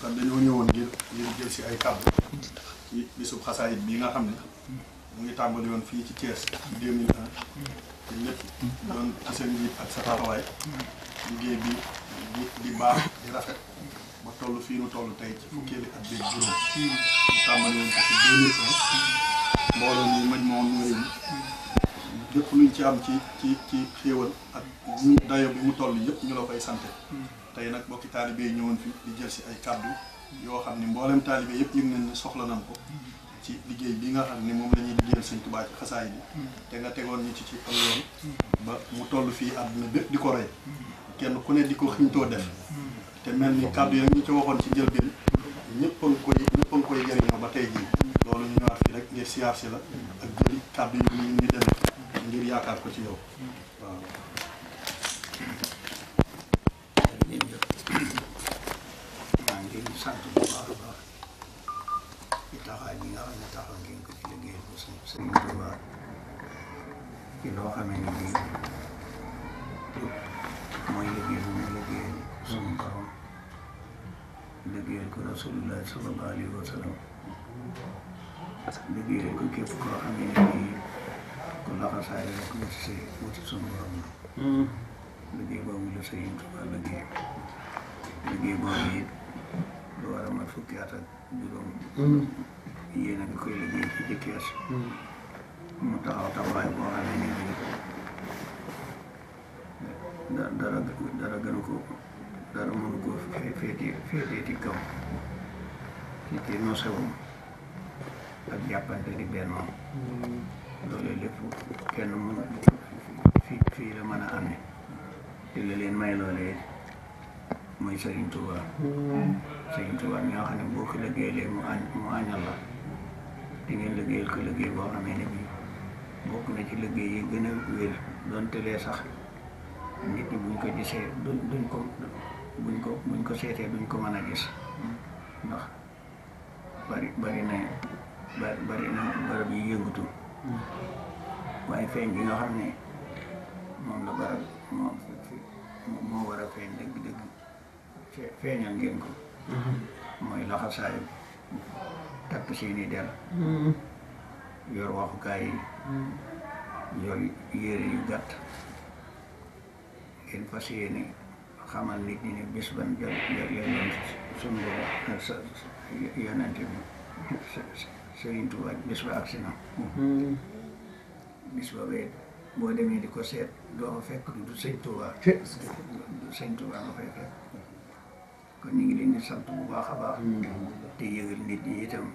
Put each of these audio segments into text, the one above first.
kon kon dañoo ñëwoon ngir ngir jël si ay kàddu ci bisub xasaayit bii nga xam ne mu ngi tàmbali woon fii ci Thiès ci 2001 te lépp doon ci seen njiit ak sa taxawaay liggéey bi di di baax di rafet ba toll fii nu toll tey ci fukkeeli at bi juróom ci 2001 mbooloo mi maj luñ ci am ci ci ci xéewal ak ñu dayo bi mu toll yëpp ñu la koy sante tey nag bokki taalibe yi ñëwoon fi di jël si ay kàddu yoo xam ni mboolem taalibe yëpp yëg nañ soxla nañ ko ci liggéey bi nga xam ni moom la ñuy liggéeyal sëñ Tuubaa xasaay bi te nga tegoon ñu ci ci yoon ba mu toll fii àdduna bépp di ko roy kenn ku ne di ko too def te mel ni kàddu yi ñu ci waxoon ci njëlbeen ñëpp a ngi koy ñëpp a koy jëriñoo ba tey jii loolu ñu ñëwaat fii rek ngir siyaar si la ak jëli kàddu yi ñu ñu demee ngir yaakaar ko ci yow tax ñu taxaw ngeen ko ci liggéeyal ko Sëriñ Tuubaa ci loo xamee ne bii mooy liggéey bu muy liggéeyal suñu borom liggéeyal ko Rasulullah sallallahu alayhi wa sallam liggéeyal ko képp koo xamee ne bii ku laxasaay rek wuti si wuti suñu borom la liggéey boobu la Sëriñ Tuubaa liggéey liggéey boobu it lu war a mat fukki at ak juróom 家なんか食える元気できやす、うん、また頭がよくわからないんだけどだだらだらけの子だらもの子増えて増えていってかも増えていませんもん ak jàppante di benn loolu lépp kenn mën a fi fii la mën a amee te la leen may loolee mooy Serigne Touba Serigne Touba mi nga xam ne boo ko liggéeyee mu añ mu añal la di ngeen liggéeyal ko liggéey boo xamee ne bii bokk na ci liggéey yi gën a wér donte lee sax nit ñi buñ ko gisee duñ duñ ko buñ ko seetee duñ ko mën a gis ndax bari bari na barab yi yëngatu waaye feeñ bi xam ne moom la barab moom moo war a feeñ dëgg dëgg feeñal ngeen ko mm-hmm. mooy laxasaayu takk seeni der hmm. yor waxukaay yi hmm. yor yére yu gàtt ngeen fas xamal nit ñi ne bés ban jot yonent sunu borom sa yonent bi Sëriñ na bis ba wéet boo demee di ko seet doo fa fekk du sëñ Tuuba du sëñ Tuuba nga fekk kon ñu ngi leen di sant bu baax a baax. te yëgal nit ñi itam.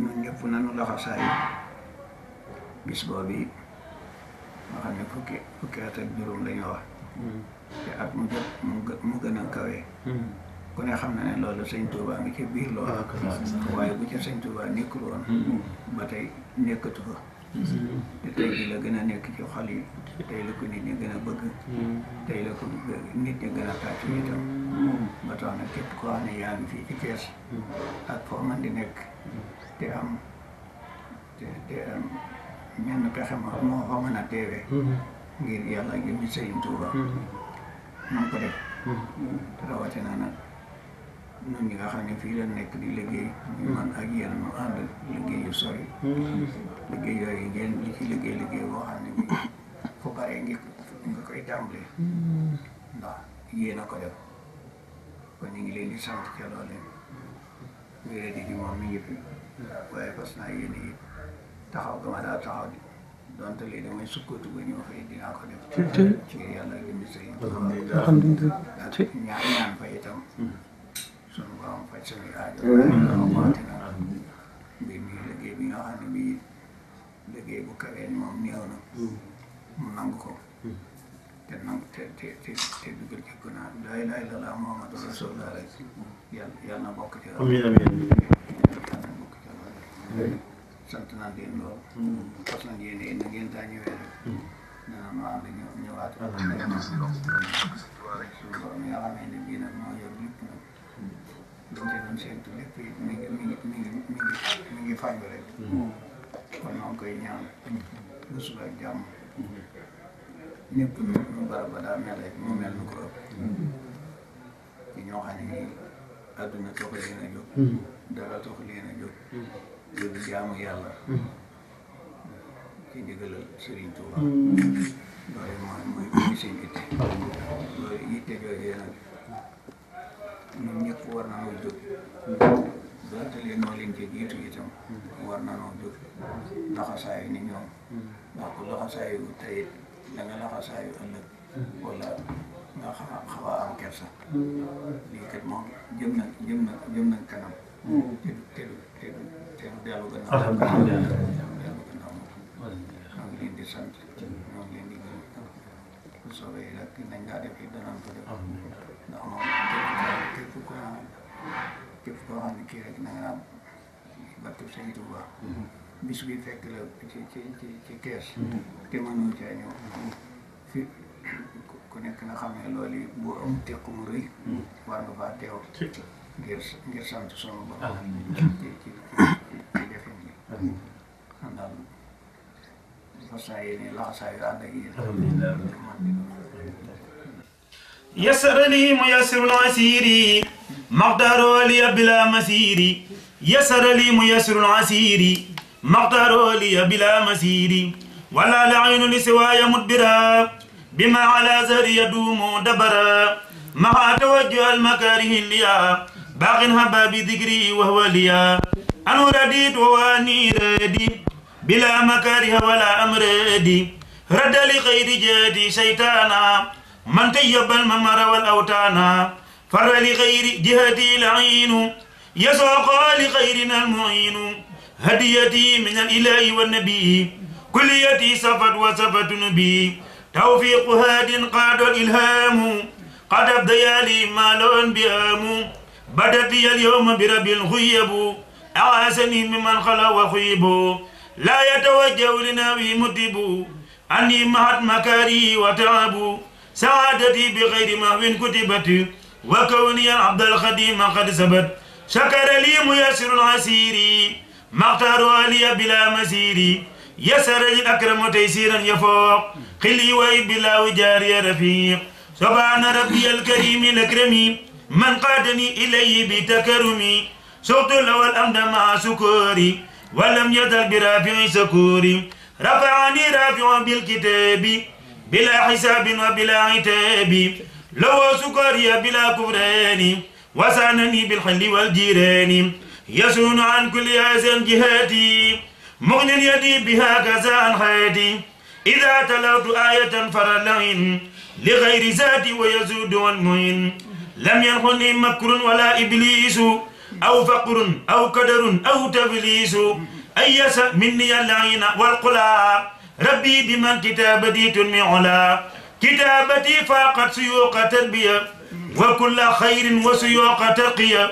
ñun ñëpp nanu laxasaay bis boobu nga xam ne fukki fukki at ak juróom la ñu wax. te at mu gë mu gën a kawe. ku ne xam na ne loolu sëñ Touba ngi ci biir loolu. Ah, waaye bu ca sëñ Touba nekkul woon. ba tey nekkatu ko tey la gën a nekk ci xal yi tey la ko nit ñi gën a bëgg tey la ko nit ñi gën a tàcc itam ba tax na képp koo xam ne fii ci Thiès ak foo mën di nekk te am te te am ñenn pexe moo moo fa mën a teewee ngir yàlla jëmi Sëriñ Tuuba na ko def mm-hmm. rawatina nag ñun ñi nga xam ne fii la nekk di liggéey ñu hmm. man ak yéen mu ànd liggéey yu sori hmm. liggéey yooyu ngeen li ci liggéey liggéey boo xam ne bi fu bare ngi nga koy tàmbalee hmm. ndax yéen a ko def kon ñu ngi leen di sant ca loolu wéere di di moom mi ngi fi waaye fas naa yéen it taxaw ga ma daa taxaw di donte lii damay sukkatu ba ñëw fay dinaa ko def ci yàlla dindi sëy alhamdulilah ak ñaan ñaan fa itam suñu aajo rawatina mbir mi liggéey bi ñoo xam ne bii liggéey bu kawee moom néew na mu nangu ko te nangu te te te te dugal ci gannaaw laa ilaaha illallaah Muhammadu Rasulullaah rek yàlla yàlla na bokk ci la amiin amiin yàlla na bokk ci la sant naa leen lool fas nañ yéene na ngeen daa ñëwee rek dana ma am ñëw ñëwaat suñu borom yi nga xamee ne bii nag moo yor lépp nag li ñu doon séntu lépp mi ngi ngi mi ngi mi ngi mi ngi faju rek. kon noo koy ñaan. bu ak jàmm. ñëpp ñu barab ba daa mel rek mu mel nu ko ëpp. ci ñoo xam ne nii adduna taxu leen a jóg. dara taxu leen a jóg. loolu jaamu yàlla. ci ndigalal Serigne Touba. loolu mooy mooy seen yitte. loolu yitte jooju nag. ñun ñëpp war nañoo jóg donte leen noo leen cee jiitu itam war nañoo jóg laxasaayu ni ñoom ndax ku laxasaayu tey da nga laxasaayu ëllëg wala nga xaw am kersa lii kat moom jëm na jëm kanam te te te te dellu gannaaw alhamdulilah dellu di sant so soobee rek nañ daa def it danañ ko def ndax moom képp koo xam képp koo xam ne kii rek na nga am barke sëñ Tuuba bi fekk la ci ci ci kees te mënul caa ñëw fi na xam ne loolu bu am teq mu rëy war nga faa teew ngir ngir sant sunu borom ci ci ci defin bi يسر لي ميسر العسير مقدار لي بلا مسيري يسر لي ميسر العسير مقدار لي بلا مسيري ولا لعين لسواي مدبرا بما على زر يدوم دبرا مع توجه المكاره ليا باغ هبا بذكري وهو ليا أنا رديت وأني رديت بلا مكاره ولا أمر دي رد لغير جهد شيطانا من تيب الممر والأوتانا فر لغير جهدي العين يسوق لغيرنا المعين هديتي من الإله والنبي كليتي صفت وصفت نبي توفيق هاد قاد الإلهام قد أبدي لي ما لون بدت لي اليوم برب الغيب أعاسني ممن خلا وخيبو لا يتوجه لنبي مدب أني مهد مكاري وتعب سعادتي بغير من كتبت وكوني عبد الخديم قد سبت شكر لي ميسر عسيري مختار علي بلا مسيري يسر الأكرم تيسيرا يفوق قلي وإبلا وجار يا رفيق سبحان ربي الكريم الأكرم من قادني إليه بتكرمي صوت الأول أمد مع سكري ولم يزل برافع سكور رفعني رافع بالكتاب بلا حساب وبلا عتاب لو سكري بلا كفران وسانني بالحل والجيران يسون عن كل هذا جهاتي مغن يدي بها كذا عن حياتي إذا تلوت آية فرلعين لغير ذاتي ويزود والمهين لم ينخني مكر ولا إبليس أو فقر أو كدر أو تفليس أي مني اللعين والقلا ربي بمن كتابتي تنمي علا كتابتي فاقت سيوق تربية وكل خير وسيوق ترقية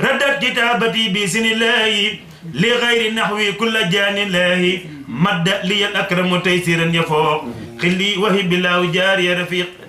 ردت كتابتي بسن الله لغير نحوي كل جان الله مد لي الأكرم تيسيرا يفوق خلي وهب الله جاري رفيق